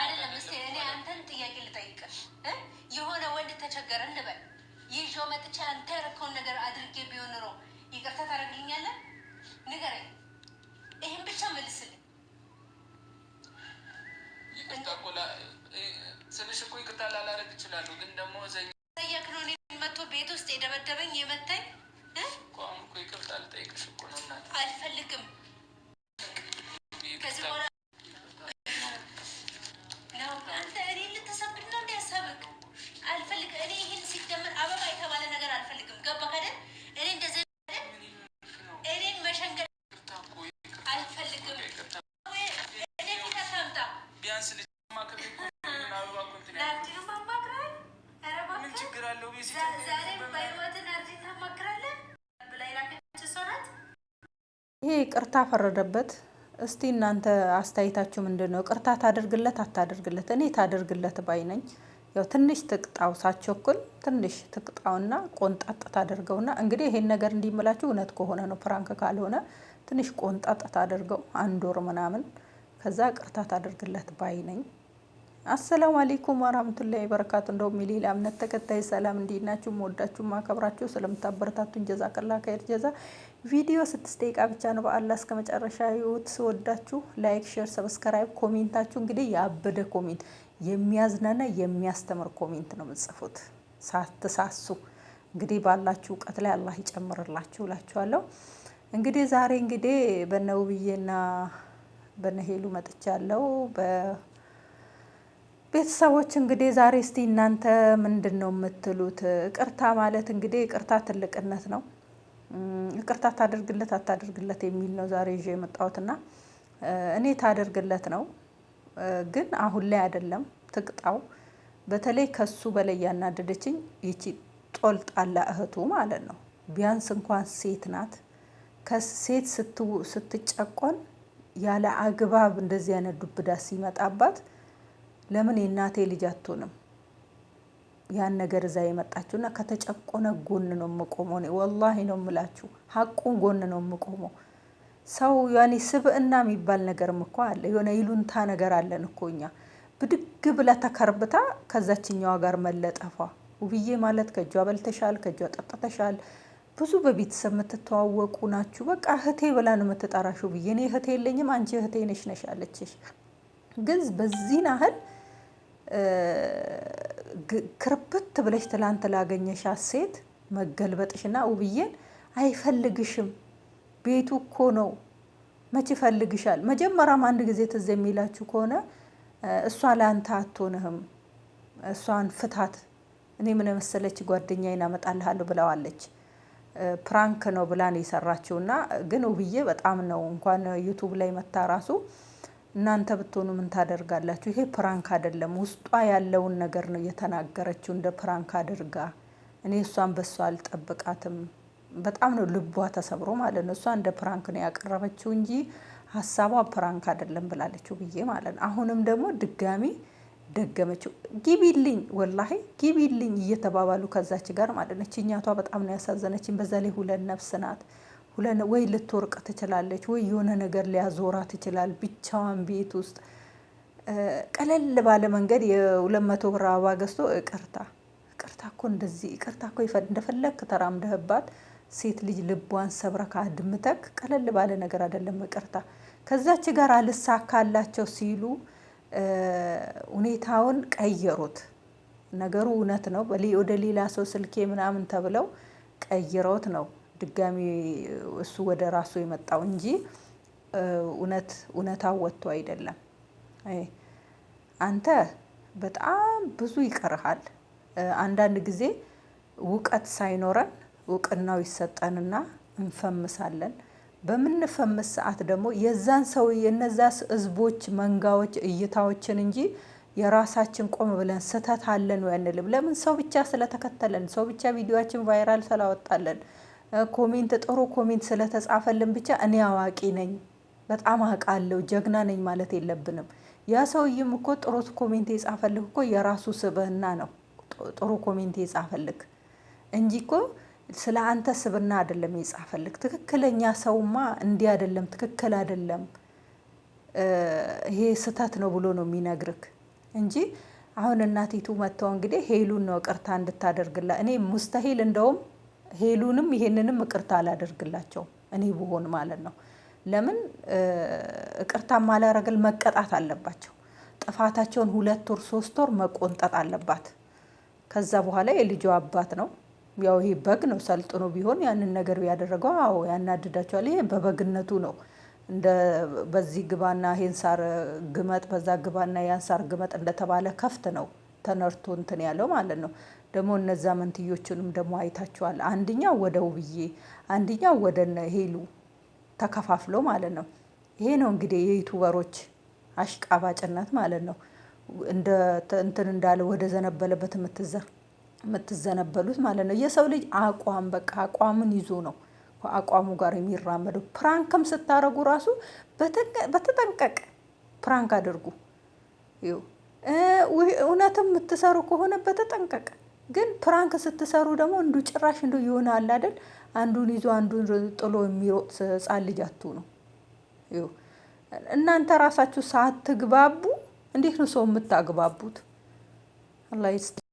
አይደለም። እስኪ እኔ አንተን ጥያቄ ልጠይቅህ። የሆነ ወንድ ተቸገረ እንበል፣ ይዤው መጥቼ አንተ ያደረከውን ነገር አድርጌ ቢሆን ኖሮ ይቅርታ ታደርግልኛለህ? ንገረኝ። ይህን ብቻ መልስልኝ። ይቅርታ እኮ ይቅርታ ላላደርግ እችላለሁ፣ ግን ደግሞ ዘያክኖኔ መቶ ቤት ውስጥ የደበደበኝ የመታኝ አልፈልግም ከዚህ በኋላ ይሄ ቅርታ ፈረደበት። እስቲ እናንተ አስተያየታችሁ ምንድን ነው? ቅርታ ታደርግለት አታደርግለት? እኔ ታደርግለት ባይ ነኝ። ያው ትንሽ ትቅጣው፣ ሳቸኩል ትንሽ ትቅጣውና ቆንጣጥ ታደርገውና እንግዲህ ይሄን ነገር እንዲመላችሁ እውነት ከሆነ ነው፣ ፕራንክ ካልሆነ ትንሽ ቆንጣጥ ታደርገው አንድ ወር ምናምን፣ ከዛ ቅርታ ታደርግለት ባይ ነኝ። አሰላሙ አሌይኩም ወራህመቱላሂ ወበረካቱ። እንደውም የሌላ እምነት ተከታይ ሰላም፣ እንዴት ናችሁ? መወዳችሁ ማከብራችሁ ስለምታበረታቱን ጀዛ ከላ ከይር ጀዛ። ቪዲዮ ስድስት ደቂቃ ብቻ ነው። በአላህ እስከ መጨረሻ ይሁት። ስወዳችሁ ላይክ፣ ሼር፣ ሰብስክራይብ። ኮሜንታችሁ እንግዲህ ያበደ ኮሜንት፣ የሚያዝናና የሚያስተምር ኮሜንት ነው የምጽፉት ሳትሳሱ። እንግዲህ ባላችሁ እውቀት ላይ አላህ ይጨምርላችሁ እላችኋለሁ። እንግዲህ ዛሬ እንግዲህ በነውብዬና በነሄሉ መጥቻለሁ በ ቤተሰቦች እንግዲህ ዛሬ እስቲ እናንተ ምንድን ነው የምትሉት? ይቅርታ ማለት እንግዲህ ይቅርታ ትልቅነት ነው። ይቅርታ ታደርግለት አታደርግለት የሚል ነው ዛሬ ይዤ የመጣሁት እና እኔ ታደርግለት ነው ግን አሁን ላይ አይደለም። ትቅጣው። በተለይ ከሱ በላይ ያናደደችኝ ይቺ ጦልጣላ እህቱ ማለት ነው። ቢያንስ እንኳን ሴት ናት። ከሴት ስትጨቆን ያለ አግባብ እንደዚህ አይነት ዱብዳ ሲመጣባት ለምን የእናቴ ልጅ አትሆንም? ያን ነገር እዛ የመጣችሁ እና ከተጨቆነ ጎን ነው የምቆመው። እኔ ወላሂ ነው የምላችሁ፣ ሀቁን ጎን ነው የምቆመው። ሰው ያኔ ስብእና የሚባል ነገርም እኮ አለ፣ የሆነ ይሉንታ ነገር አለን እኮ እኛ። ብድግ ብላ ተከርብታ ከዛችኛዋ ጋር መለጠፏ ውብዬ ማለት ከእጇ በልተሻል፣ ከእጇ ጠጥተሻል፣ ብዙ በቤተሰብ የምትተዋወቁ ናችሁ። በቃ እህቴ ብላ ነው የምትጠራሽ ውብዬ። እኔ እህቴ የለኝም አንቺ እህቴ ነሽ ነሽ አለችሽ። ግን በዚህን ያህል ክርብት ብለሽ ትላንት ላገኘሻት ሴት መገልበጥሽና ውብዬን አይፈልግሽም ቤቱ እኮ ነው መች ይፈልግሻል። መጀመሪያም አንድ ጊዜ ትዝ የሚላችሁ ከሆነ እሷ ለአንተ አትሆንህም፣ እሷን ፍታት፣ እኔ ምን መሰለች ጓደኛዬን አመጣልሃለሁ ብለዋለች። ፕራንክ ነው ብላን የሰራችውና ግን ውብዬ በጣም ነው እንኳን ዩቱብ ላይ መታ ራሱ እናንተ ብትሆኑ ምን ታደርጋላችሁ? ይሄ ፕራንክ አይደለም። ውስጧ ያለውን ነገር ነው የተናገረችው እንደ ፕራንክ አድርጋ። እኔ እሷን በሷ አልጠብቃትም። በጣም ነው ልቧ ተሰብሮ ማለት ነው። እሷ እንደ ፕራንክ ነው ያቀረበችው እንጂ ሀሳቧ ፕራንክ አይደለም ብላለችው ብዬ ማለት ነው። አሁንም ደግሞ ድጋሚ ደገመችው። ጊቢልኝ ወላሂ ጊቢልኝ እየተባባሉ ከዛች ጋር ማለት ነው። እችኛቷ በጣም ነው ያሳዘነችኝ። በዛ ላይ ሁለት ነፍስ ናት። ወይ ልትወርቅ ትችላለች፣ ወይ የሆነ ነገር ሊያዞራ ትችላል። ብቻዋን ቤት ውስጥ ቀለል ባለ መንገድ የሁለት መቶ ብር አበባ ገዝቶ እቅርታ እቅርታ እኮ እንደዚህ እቅርታ እኮ እንደፈለግ ተራምደህባት ሴት ልጅ ልቧን ሰብረክ አድምተክ ቀለል ባለ ነገር አይደለም እቅርታ። ከዛች ጋር አልሳካላቸው ሲሉ ሁኔታውን ቀየሩት። ነገሩ እውነት ነው፣ ወደ ሌላ ሰው ስልኬ ምናምን ተብለው ቀይረውት ነው ድጋሚ እሱ ወደ ራሱ የመጣው እንጂ እውነት እውነታው ወጥቶ አይደለም። አንተ በጣም ብዙ ይቀርሃል። አንዳንድ ጊዜ እውቀት ሳይኖረን እውቅናው ይሰጠንና እንፈምሳለን። በምንፈምስ ሰዓት ደግሞ የዛን ሰው የነዛ ህዝቦች፣ መንጋዎች እይታዎችን እንጂ የራሳችን ቆም ብለን ስህተት አለን ወይ አንልም። ለምን ሰው ብቻ ስለተከተለን፣ ሰው ብቻ ቪዲዮችን ቫይራል ስላወጣለን ኮሜንት ጥሩ ኮሜንት ስለተጻፈልን ብቻ እኔ አዋቂ ነኝ በጣም አውቃለሁ ጀግና ነኝ ማለት የለብንም። ያ ሰውዬም እኮ ጥሩ ኮሜንት የጻፈልህ እኮ የራሱ ስብህና ነው። ጥሩ ኮሜንት የጻፈልክ እንጂ እኮ ስለ አንተ ስብና አይደለም የጻፈልክ። ትክክለኛ ሰውማ እንዲህ አይደለም፣ ትክክል አይደለም፣ ይሄ ስህተት ነው ብሎ ነው የሚነግርክ እንጂ አሁን እናቲቱ መጥተው እንግዲህ ሄሉን ነው ቅርታ እንድታደርግላት እኔ ሙስተሂል እንደውም ሄሉንም ይሄንንም እቅርታ አላደርግላቸው እኔ ብሆን ማለት ነው። ለምን እቅርታ ማላረግል መቀጣት አለባቸው። ጥፋታቸውን ሁለት ወር ሶስት ወር መቆንጠጥ አለባት። ከዛ በኋላ የልጁ አባት ነው ያው ይሄ በግ ነው ሰልጥኖ ቢሆን ያንን ነገር ያደረገው አዎ ያናድዳቸዋል። ይሄ በበግነቱ ነው። እንደ በዚህ ግባና ይሄን ሳር ግመጥ፣ በዛ ግባና ያን ሳር ግመጥ እንደተባለ ከፍት ነው። ተነርቶ እንትን ያለው ማለት ነው። ደግሞ እነዛ መንትዮችንም ደግሞ አይታችኋል። አንድኛው ወደ ውብዬ፣ አንድኛው ወደ ሄሉ ተከፋፍሎ ማለት ነው። ይሄ ነው እንግዲህ የዩቱበሮች አሽቃባጭነት ማለት ነው። እንደ እንትን እንዳለ ወደ ዘነበለበት የምትዘነበሉት ማለት ነው። የሰው ልጅ አቋም በቃ አቋምን ይዞ ነው ከአቋሙ ጋር የሚራመደው። ፕራንክም ስታረጉ ራሱ በተጠንቀቅ ፕራንክ አድርጉ። እውነትም የምትሰሩ ከሆነ በተጠንቀቅ። ግን ፕራንክ ስትሰሩ ደግሞ እንዱ ጭራሽ እንዱ የሆነ አለ አይደል አንዱን ይዞ አንዱን ጥሎ የሚሮጥ ህፃን ልጅ ነው። እናንተ ራሳችሁ ሳትግባቡ እንዴት ነው ሰው የምታግባቡት? አላህ ይስጥ።